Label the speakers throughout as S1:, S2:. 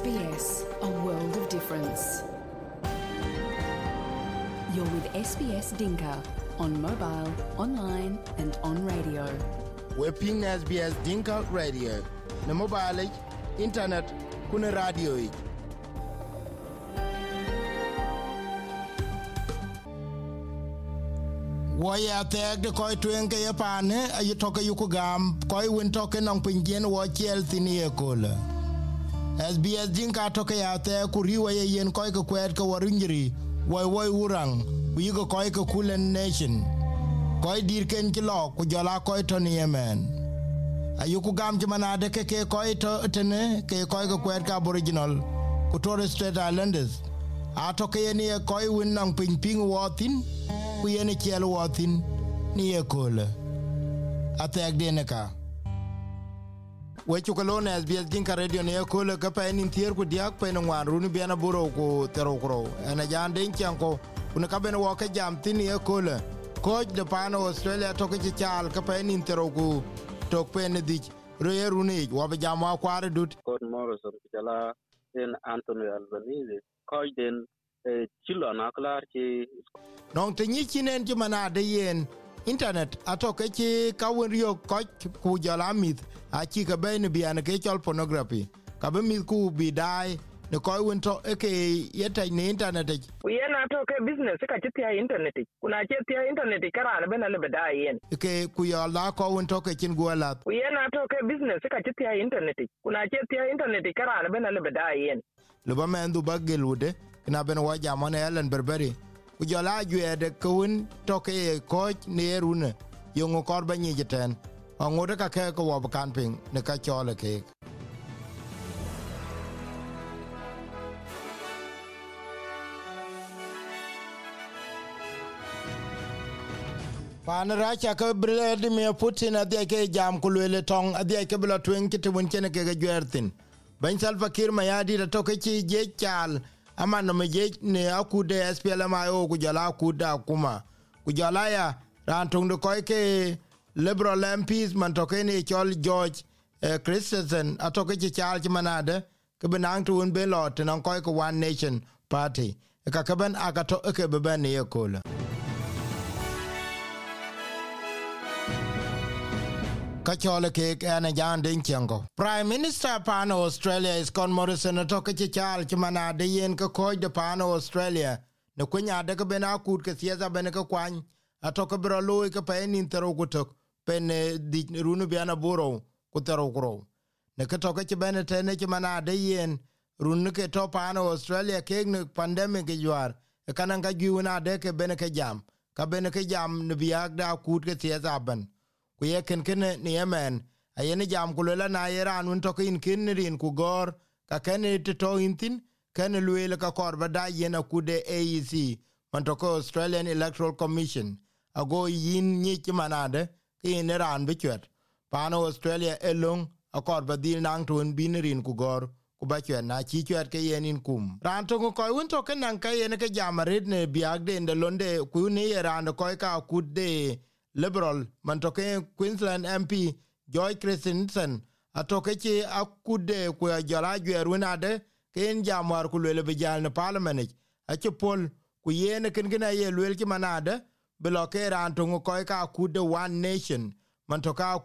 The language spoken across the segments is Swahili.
S1: SBS, a world of difference. You're with SBS Dinka on mobile, online, and on radio. We're ping SBS Dinka Radio. Na mobile, internet, kuna radio. Woye ya thɛɛk de kɔc tueŋ ye paane ayi tɔke gam koi wen tɔke nɔŋ piny jien wo ciɛɛl thin ye koole SBS jinka toke ya te kuriwa ye yen koi ke kwet ke waringiri woi woi urang kuyi ke koi ke kulen nation koi dir ken kilo ku jola koi to ni yemen ayuku gam jimanade ke ke koi to tene ke koi ke kwet ka aboriginal ku Torres Strait Islanders atoke ye ni ye koi win nang ping ping wotin ku ye ni chiel wotin ni ye kole atek deneka we cu kelon sbs dinka radio ne le ke pen nin thier ku diak pen ŋuan runi na aburo ku thero kurou en jan deny ciɛŋ ko be no wɔke jam ko ekole ko de paan australia ke ci caal ka pen in thero ku tok pen dhic roye runi wa wɔbi jam wa kuar dut nɔŋ te nyic cin en ci eh, manade yen internet atoke ci kawen rio koc ku jɔl amith aci kebɛi ne bian ke cɔl pornography kabe mith ku bi daai ne kɔc wen tɔ eke ye tɛc ne internet e ic yen atoke business ka ci thia internet e ic ku na ce internet e ic karaan ben ale bi daa yen ke ku yɔl dhaa kɔc wen tɔ ke cin guɔlath ku yen atoke business ka ci thia internet ic ku na ce thia internet ic karaan ben ale bi daa yen lu ba mɛn dhu ba wude kena ben wɔ jam ɔn elen berberi ku jola juede kun toke ye koch ne erune yongo korba nyi jiten angode ka ke ko wob kan piŋ ne ka chole ke pan racha ke Vladimir Putin adhi ke jam kulwele tong adhi ke lɔ tueŋ ci chene ke gjertin Ben Salva Kiir mayadi da toke chi je chal ama no meje ne akude SPLM ayo ku jala kuda kuma ku jala ya ran tung de koy ke liberal MPs man to ke ne chol George eh, Christensen atoke ke chal manade ke benang tu un belot nan koike one nation party ka aga to ke bebene ye kola ka chole ke ene jan den chengo prime minister pan australia is con morrison to ke char chal mana de yen ko ko de pan australia ne kunya de ke bena kut ke sieza bene ke kwan A to ke bro loy ke pen intero gutok pen di runu biana buro kutero kro ne ke to ke bene te ne mana de yen runu ke to pan australia ke ne pandemic E, e kananga giuna de ke bene ke jam ka bene ke jam ne biag da kut ke sieza bene ku ye ken ken ni yemen ayeni jam ku lela na ye ran un to kin kin ni rin ku gor ka ken ti to in tin ken luele ka kor bada yena ye ku de AEC man to ko Australian Electoral Commission ago yin ni ti manade ki ne ran bi chet pano Australia elong a kor badi nang to un bin rin ku gor ku ba chet na chi chet ke yenin kum ran to ko un to ken nan ka ye ke jam red ne biag de ne londe ku ne ye ran ko ka ku de liberal man toke queensland mp joy christensen atoke ci akude ku jara jwer winade ken jamwar ku lele bijal ne parliament ache pol ku yene ken gina ye lel ki manade bloke ran to ko ka kude one nation man to ka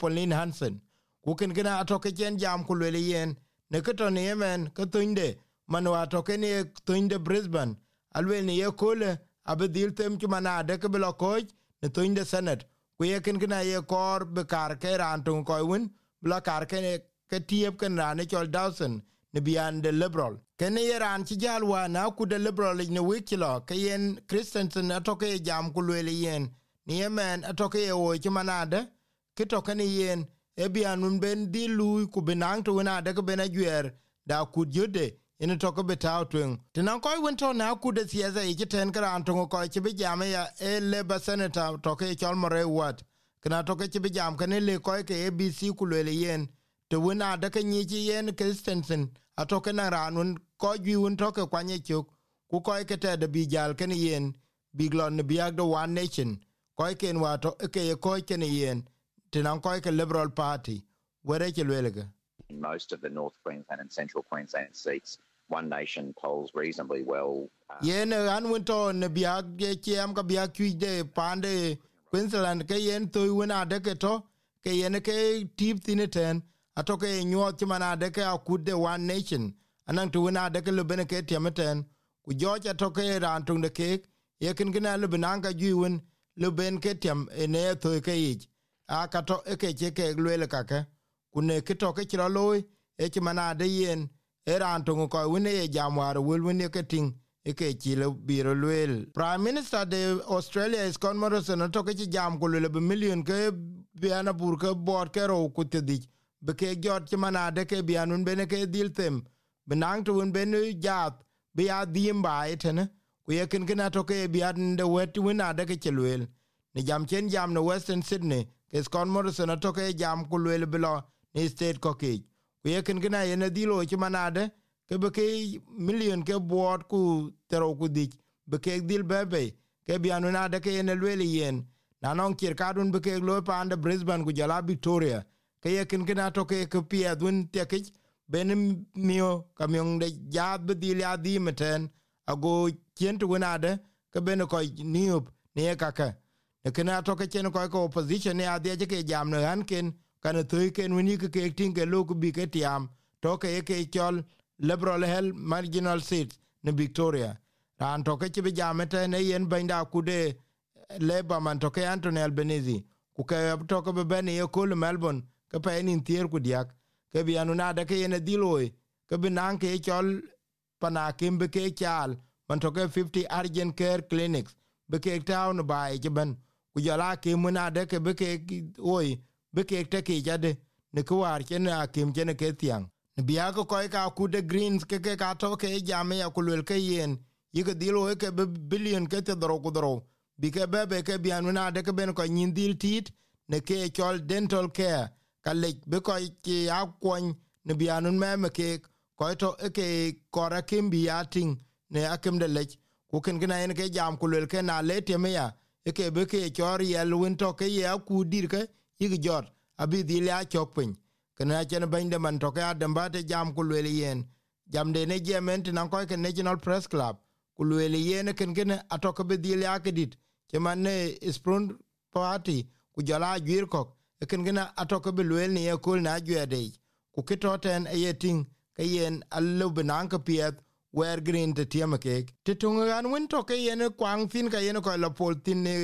S1: Pauline Hansen ku ken gina atoke chen jam ku lele yen ne keto ne yemen ke man wa toke ne tunde Brisbane alwe ne ye kole abedil tem ki manade ke blokoj ne thöny de senate ku yekin kena ye kɔr bi kar ke raan toŋ kɔc wen bila kar kene ke tiep ken raan e cɔl dausen ne bian de liberal kene ye raan ci jal wa na ku de liberal e ne wek ci lɔ ke yen christensen atoke ye jam ku lueele yen ni emɛn atoke ye ooi e ci manade ki tokene yen e bian wen ben dhi luui ku bi naŋ tewen adeke ben ajuɛɛr da kut jode ene toko be taw twen tenan koy na ku de siasa e ten gran to ko ti bi jam ya e le ba senata to ke chol more wat kana to ke ti bi jam kane le koy ke abc ku le yen te wen ada ke ni ti yen christensen a to ke na ranun ko gi un to kwa kwanye chuk ku koy ke te de bi jal ken yen big lon ne biag do one nation koy ken wa to ke koy ken yen tenan koy ke liberal party were ke le most of the North Queensland and Central Queensland seats one Nation polls reasonably well. Uh, yen an went on biag chiam ka biag kui de pande Queensland ke yen to win ade ke to ke yen ke tip tine ten atoke nyuot chiman ade akud de One Nation anang to win ade lubene ke tiameten ku George toke ran tung de kek yekin gina lubenanga juwin luben ke tiam ene to ke ich a kato eke cheke ke ke lwele kake kune ke to ke chiro loy yen eran tongo ko wine ye jamwar wil wine ke ting ike chile biro lwel prime minister de australia scott morrison to ke jam ko le be million ke biana bur ke bor ke ro ku te di be ke jot ke mana de ke bianun bene ke dil tem benang tu un bene jat be ya dim bai e tene ku ye ken kana to e ke bian de wet wina de ke lwel ni jam chen jam no western sydney ke scott morrison to ke jam ku lwel bilo ni state ko ke ye ken gina ye ne dilo ci manade ke be ke million ke board ku tero ku dik be ke dil bebe ke bi anu na de ke ne lwele yen na non kir kadun be ke lo pa ande brisbane ku jala victoria ke ye ken gina to ke ke pie dun te ke ben mio kamion de ja be dil ya di meten ago kien tu ke ben ko niop ne ka ka ne ken to ke chen ko ko opposition ya de ke jam ne ken kana thoi ken wen yike kek tin ke loku bi ke e tiam toke ye ke chol liberal hell marginal seats ne Victoria. Ran toke chibi jamete ne yen bainda kude eh, leba man toke Anthony Albanese. Kuke toke bebeni ye kulu Melbourne ke pe enin thier kudiak. Ke bi anunada ke yene dhiloi. Ke bi nang ke chol panakim be ke chal man toke 50 urgent care clinics. Be ke town ba e chiben. Kujala ke munade ke be ke oi be ke te ke jade ne ko war chen a kim chen ke tiang ne biya ko ko ka ku de greens ke ke ka to ke jame ya ku ke yen yi ke dilo ke be billion ke te dro ku dro bi ke be ke bian na de ke ben ko nyin dil tit ne ke chol dental care ka le be ko ki a kon ne bian me me ke ko to e ke kora kim bi ya ting ne akem de lech ku ken gina en ke jam ku ke na le te me ya e ke be ke chor yel win to ke ya ku dir ke yigi jot abi dhi le achok piny kene achen bende man toke adembate jam ku lueli yen jam de ne jemen tinan koyke national press club ku lueli yen e kenkene atoke bi dhi le akedit ceman ne sprun party ku jɔl ajuir kɔk ekenkene atoke bi luel ni ekol ne ajuɛdeic ku ke tɔ tɛn eye tiŋ ke yen alou bi naŋ kepiɛth wɛɛr grin te tiɛm e keek te toŋekan wen tɔke yen e kuaŋ thin ka yen kɔc lɔ thin ne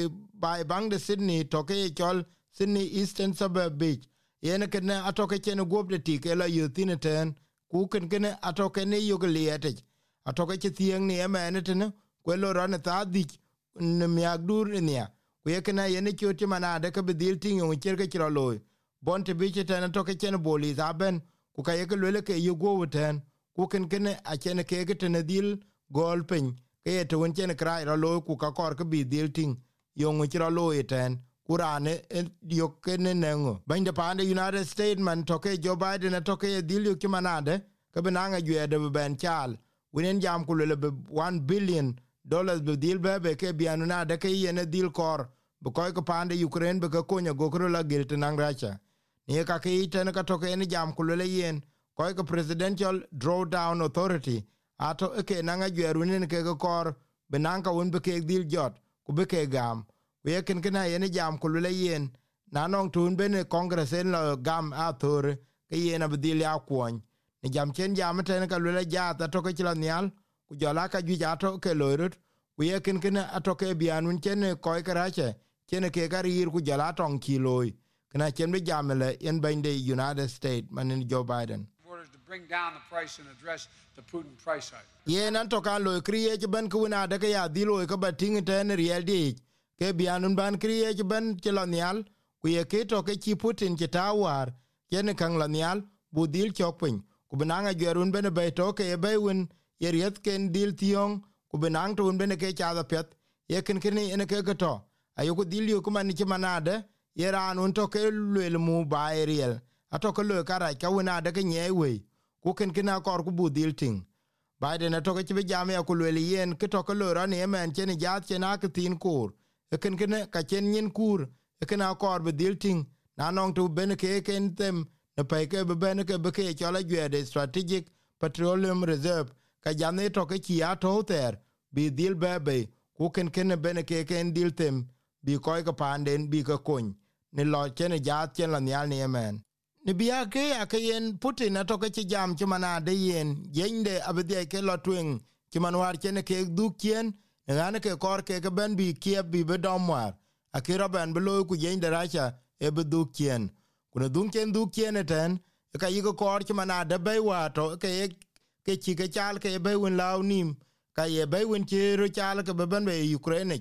S1: bai baŋ de sydney tɔke ye cɔl sini Eastern Suburb Beach. Yen kene atoke chen guobde tik ela yuthine ten. Kuken kene atoke ne yugelietich. Atoke che thieng ni ema enetene. Kwelo rane thadhich. Nmiag dur niya. Kuye kene yene choti manade ka bidhil ting yung chirke loy. Bon biche ten atoke chen boli zaben. Kuka yeke lwele ke yugo ten. Kuken kene achene kege tene dhil gol piny. Kaya tuwen chen krai loy kuka kor bidhil ting. Yung chiro loy e ten kurane diok eh, kene nengo bende pande united states man toke joe biden atoke dilio kimanade kabenanga jwede ben chal winen jam kulele 1 billion dollars be dil bebe ke bianu na de ke yene dil kor bu koy ko pande ukraine be ko nya gokro la gel tanang racha ni ka ke itene ka toke ni jam kulele yen koy ko presidential drawdown authority ato eh, ke nanga jweru nen ke kor benanga un be ke dil jot kubeke be gam we ken ken ay ne jam ku le yen na non tun bene congress en lo gam athur ke yen abdil ya kwon ne jam chen jam ten ka le ja ta to ke chlan yal ku jala ka ju ja to ke lorut ku ye ken ken ato ke bianun chen ko karache chen ke garir ku jala ton kiloi kana chen be jam le en bende united state manin joe biden bring down the price and address the Putin price hike. Ye nan to kan lo kriye ke ban ku na de ya di lo ke batin ten riel di ke bianun ban kriye ci ben ci lo nial ku ye ke to ke ci putin ci tawar yene kang lo nial bu dil chokpin ku benanga gerun e bene be to ke be win ye riet ken dil tiong ku benang to un bene ke cha da pet ye ken ken ene ke ke to ayu ku dil yu kuma ni ci manade ye ran un to ke lel mu ba e riel ato ke lo kara ka wona de ke nye we ku ken ken akor ku bu dil ting Biden atoke e chibi jamia kulweli yen kitoke lora ni emen cheni jat chena kitin kur ken ken ka chen nyen kur ken a kor be dil ting na nong tu ben ke ken them ne pe ke be ben ke be ke cho la de strategic petroleum reserve ka jane to ke ki a to ter bi dil be be ku ken ken ben ke ken dil tem bi ko ka panden bi ka kun ne lo chen ja chen la nyal ne men ni biya ke a ke yen putin a to ke jam chumana de yen yende abedye ke lo twing chimanwar chen ke du chen ngane ke kor ke ke ben bi kiep bi be domwar akira ben be loy ku yen daracha e be du kien kuna dun ken du kien eten e ka yigo kor ki mana de be wa to e ke ke chi ke chal ke be un law nim ka ye be un ti ru chal ke be ben be e ukraine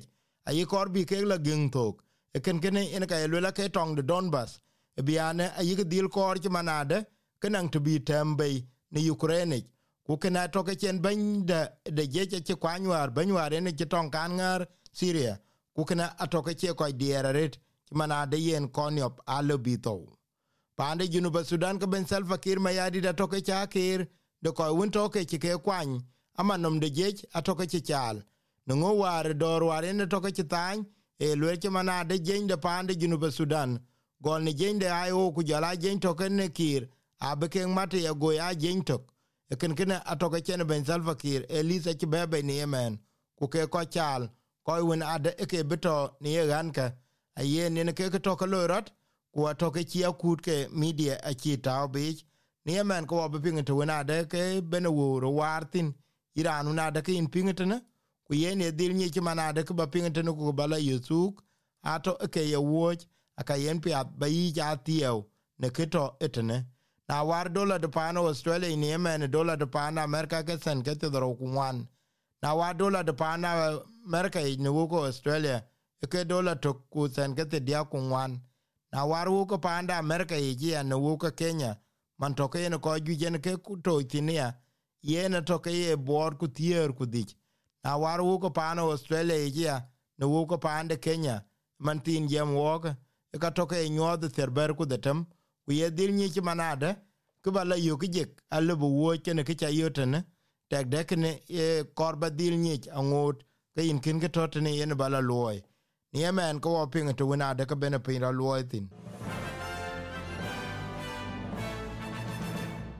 S1: ayi kor bi ke la ging tok e ken ken en ka ye la ke tong de donbas e biane ayi dil kor ki mana de kenang to bi tembe ni ukraine ku kena toke chen ban da da jeje che kwanyar banyar ne che ton kan ngar Syria ku kena atoke che ko dieraret mana de yen konyop alo bito pande junu ba Sudan ka ben Salva Kiir ma yadi da toke cha kir de ko won toke che ke kwany ama nom de jeje atoke che chal ngo war dor war ne toke che tan e lwe che mana de jen de pande junu ba Sudan gol ne jen de ayo ku jala jen toke ne kir abeke mate ya goya jen toke ken ken atoke chen ben salva kir elisa ci ni yemen ku ko chal ko win ade ke beto ni yegan aye ni ne ke to lorot ku atoke ci akut media a ci ta ni yemen ko obi pinga win ade ke beno woro wartin iran una ade ke in pinga tene ku ye ne dil ni ci manade ke ba pinga tene ku bala yusuk ato ke ye woj aka yen bayi ja ne ke etene na war dola de pano australia in yemen dola de pano america ke sen ke te dro kuwan na war dola de pano america in wuko australia ke dola to ku sen ke te dia kuwan na war wuko panda america yi ya ne wuko kenya man to ke ne ko ju jen ke ku to tinia ye ne to ke ye bor ku tier ku dich na war wuko pano australia yi ya ne wuko pande kenya man tin jem wok ka to ke nyod terber ku detem tem ku ye dhil nyi ci manade ku ba la yok jek ale bu wo chene ne ke cha yotene tek dek ne kor ba dhil nyi angot ke yin kin ke totene yen ba bala loy ni yemen ko opinga to wina de ke bene pin ra loy tin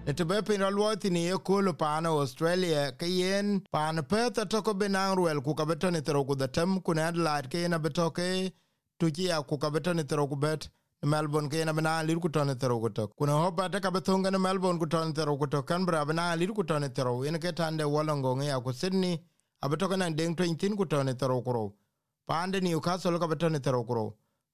S1: ne te be pin alwo ti ni ko lo pa na australia ke yen pan pe ta to ko be na ruel ku ka betoni tro ku da tem ku na adlat ke na betoke tu ya ku ka betoni tro ku bet Melbourne ke na bana lir ku tone tero ku to kuna hoba ta ka betonga na Melbourne ku tone tero ku kan Canberra bana lir ku tone tero en ke tande wolongo nge ya ku Sydney abetoka na deng twen tin ku tone tero ku ro pande Newcastle ka betone tero ku ro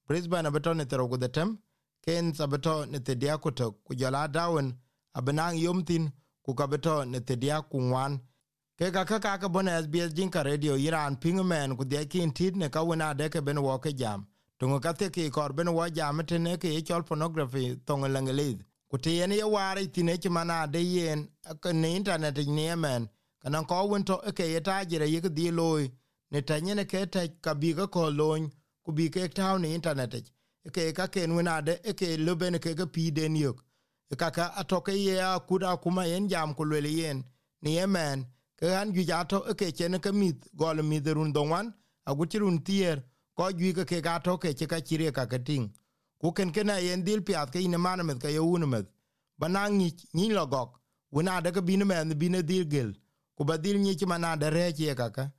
S1: Brisbane abetone tero ku detem Cairns abeto ne tedia ku tok ku jala Darwin yom yomtin ku ka beto ne tedia ku ngwan ke ka ka ka bona SBS Jinka Radio Iran pingu men ku de kin tit ne ka wona de ke ben wo ke jam tungo kathe ke korben wa jamete ne ke chol pornography tongo langelid kuti yen ye wari tine ki mana de yen ne internet ne men kana ko wonto ke yeta jere yik di loy ne tanye ke ta kabiga ko loy ku bi ke taw ne internet ke ka ken wona de ke luben ke ke pi den yok kaka atoke ye akuda kuma yen jam ku le yen ni yemen ke an ju jato ke chen ke mit gol mi derun donwan agutirun tier ko jwi ke ke ga to ke ke ka chire ka ke ting ku ken ken na yen dil piat ke ine man met ke ye un met banang ni ni lo gok de ke bin men bin e dil gel ku ba dil ni ti mana de re ke ka ka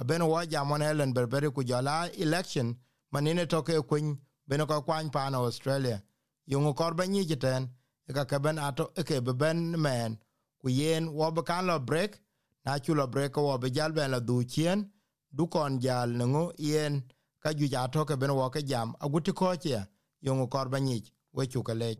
S1: aben wo ja mon helen berberi ku jala election manine to e kun beno e ko kwan pa na australia yungu korba ni jiten ka ke ben ato ke ben men ku yen wo be kan lo break na chu break wo be jal ben la du chien du kon jal ngo yen ka juic juja toke ben woke jam ti yöŋ kɔr ba nyic korbanyic we e lec